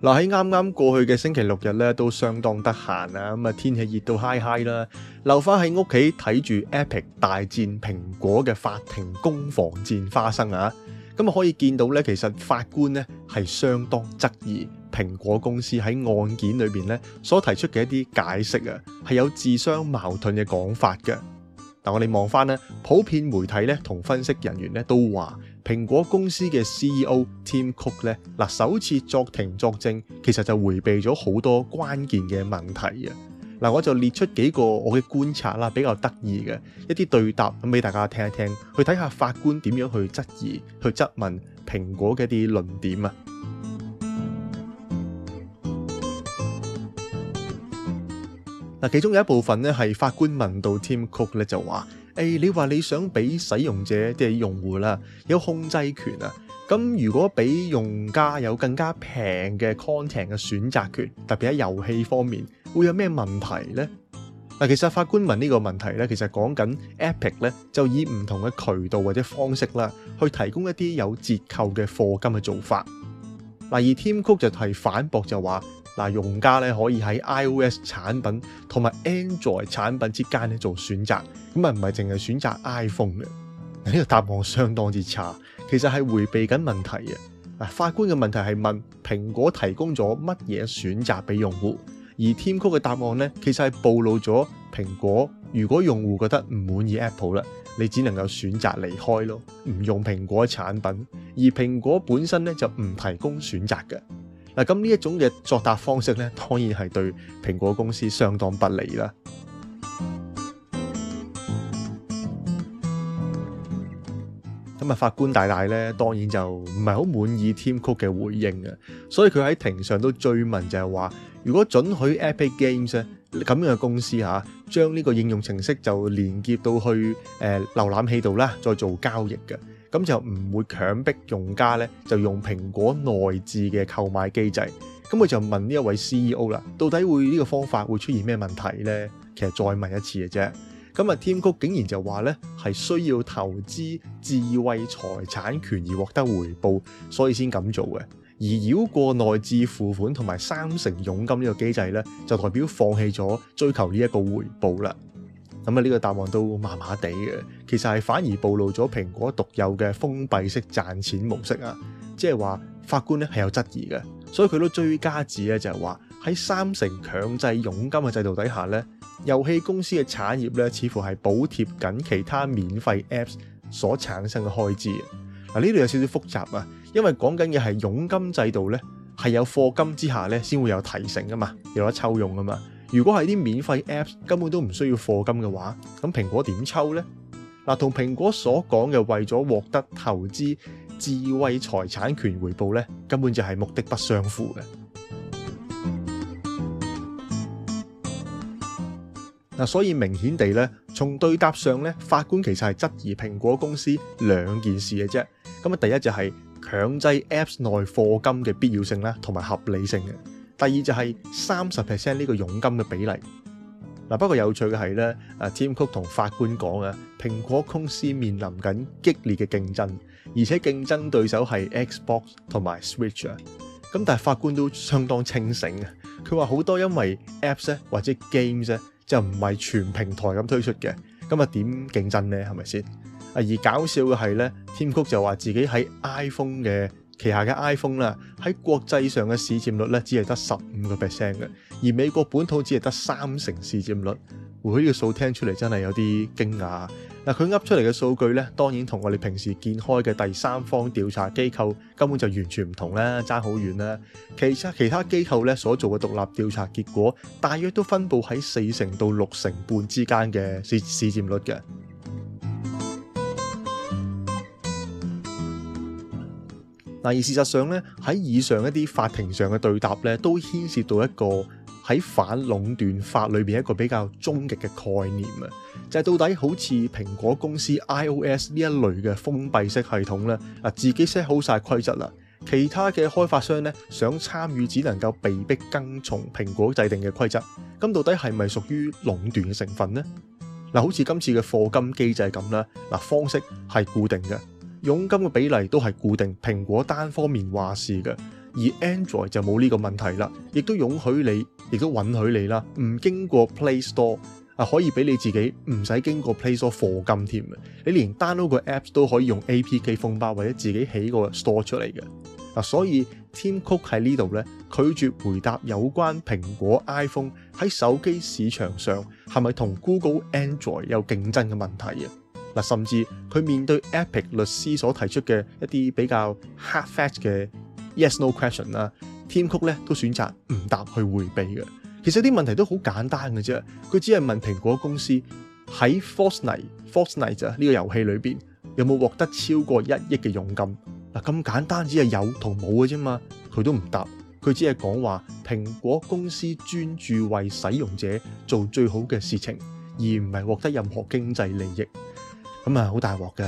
嗱，喺啱啱過去嘅星期六日咧，都相當得閒啦。咁啊，天氣熱到嗨嗨啦，留翻喺屋企睇住 Epic 大戰蘋果嘅法庭攻防戰發生啦。咁啊，可以見到咧，其實法官咧係相當質疑蘋果公司喺案件裏邊咧所提出嘅一啲解釋啊，係有自相矛盾嘅講法嘅。但我哋望翻咧，普遍媒體咧同分析人員咧都話。蘋果公司嘅 CEO Tim Cook 咧，嗱首次作庭作證，其實就回避咗好多關鍵嘅問題啊！嗱，我就列出幾個我嘅觀察啦，比較得意嘅一啲對答咁俾大家聽一聽，去睇下法官點樣去質疑、去質問蘋果嘅一啲論點啊！嗱，其中有一部分咧係法官問到 Tim Cook 咧，就話。誒，hey, 你話你想俾使用者即係用戶啦有控制權啊，咁如果俾用家有更加平嘅 content 嘅選擇權，特別喺遊戲方面會有咩問題呢？嗱，其實法官問呢個問題呢，其實講緊 Epic 呢，就以唔同嘅渠道或者方式啦，去提供一啲有折扣嘅課金嘅做法。嗱，而 Tim Cook 就係反駁就話。嗱，用家咧可以喺 iOS 產品同埋 Android 產品之間咧做選擇，咁啊唔係淨係選擇 iPhone 嘅。呢個答案相當之差，其實係迴避緊問題嘅。嗱，法官嘅問題係問蘋果提供咗乜嘢選擇俾用戶，而添曲嘅答案呢，其實係暴露咗蘋果如果用戶覺得唔滿意 Apple 啦，你只能夠選擇離開咯，唔用蘋果產品，而蘋果本身咧就唔提供選擇嘅。嗱，咁呢一種嘅作答方式咧，當然係對蘋果公司相當不利啦。咁啊，法官大大咧當然就唔係好滿意添曲嘅回應啊，所以佢喺庭上都追問就係話，如果准許 Epic Games 咁樣嘅公司吓，將呢個應用程式就連接到去誒瀏覽器度啦，再做交易嘅。咁就唔會強迫用家咧，就用蘋果內置嘅購買機制。咁佢就問呢一位 CEO 啦，到底會呢個方法會出現咩問題呢？其實再問一次嘅啫。咁啊，Tim Cook 竟然就話呢係需要投資智慧財產權而獲得回報，所以先咁做嘅。而繞過內置付款同埋三成傭金呢個機制呢，就代表放棄咗追求呢一個回報啦。咁啊，呢個答案都麻麻地嘅，其實係反而暴露咗蘋果獨有嘅封閉式賺錢模式啊！即係話法官咧係有質疑嘅，所以佢都追加指呢，就係話喺三成強制佣金嘅制度底下咧，遊戲公司嘅產業咧似乎係補貼緊其他免費 Apps 所產生嘅開支啊！嗱，呢度有少少複雜啊，因為講緊嘅係佣金制度咧，係有課金之下咧先會有提成㗎嘛，有得抽用㗎嘛。如果係啲免費 Apps 根本都唔需要課金嘅話，咁蘋果點抽呢？嗱，同蘋果所講嘅為咗獲得投資智慧財產權回報呢，根本就係目的不相符嘅。嗱，所以明顯地呢，從對答上呢，法官其實係質疑蘋果公司兩件事嘅啫。咁啊，第一就係強制 Apps 內課金嘅必要性啦，同埋合理性嘅。第二就係三十 percent 呢個佣金嘅比例。嗱，不過有趣嘅係咧，啊，Tim Cook 同法官講啊，蘋果公司面臨緊激烈嘅競爭，而且競爭對手係 Xbox 同埋 Switch 啊。咁但係法官都相當清醒啊。佢話好多因為 Apps 咧，或者 Games 咧，就唔係全平台咁推出嘅，咁啊點競爭咧係咪先？啊而搞笑嘅係咧，Tim Cook 就話自己喺 iPhone 嘅。旗下嘅 iPhone 啦，喺國際上嘅市佔率咧，只係得十五個 percent 嘅，而美國本土只係得三成市佔率。呢個數聽出嚟真係有啲驚訝。嗱，佢噏出嚟嘅數據咧，當然同我哋平時見開嘅第三方調查機構根本就完全唔同啦，爭好遠啦。其他其他機構咧所做嘅獨立調查結果，大約都分佈喺四成到六成半之間嘅市市佔率嘅。嗱，而事實上咧，喺以上一啲法庭上嘅對答咧，都牽涉到一個喺反壟斷法裏面一個比較終極嘅概念啊，就係到底好似蘋果公司 iOS 呢一類嘅封閉式系統咧，自己 set 好晒規則啦，其他嘅開發商咧想參與只能夠被逼跟從蘋果制定嘅規則，咁到底係咪屬於壟斷嘅成分呢？嗱，好似今次嘅課金機制咁啦，嗱，方式係固定嘅。佣金嘅比例都係固定，蘋果單方面話事嘅，而 Android 就冇呢個問題啦，亦都容許你，亦都允許你啦，唔經過 Play Store 啊，可以俾你自己唔使經過 Play Store 課金添啊，你連 download 個 Apps 都可以用 APK 封包或者自己起個 Store 出嚟嘅嗱，所以 Tim Cook 喺呢度咧拒絕回答有關蘋果 iPhone 喺手機市場上係咪同 Google Android 有競爭嘅問題。嗱，甚至佢面對 Epic 律師所提出嘅一啲比較 hard fact 嘅 yes/no question 啦，Tim Cook 佢都選擇唔答去回避嘅。其實啲問題都好簡單嘅啫，佢只係問蘋果公司喺《Fortnite》《Fortnite》啊呢個遊戲裏邊有冇獲得超過一億嘅佣金嗱，咁簡單只係有同冇嘅啫嘛，佢都唔答，佢只係講話蘋果公司專注為使用者做最好嘅事情，而唔係獲得任何經濟利益。咁啊，好大鑊嘅，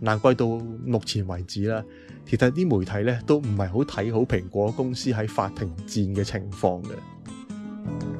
難怪到目前為止啦，其實啲媒體咧都唔係好睇好蘋果公司喺法庭戰嘅情況嘅。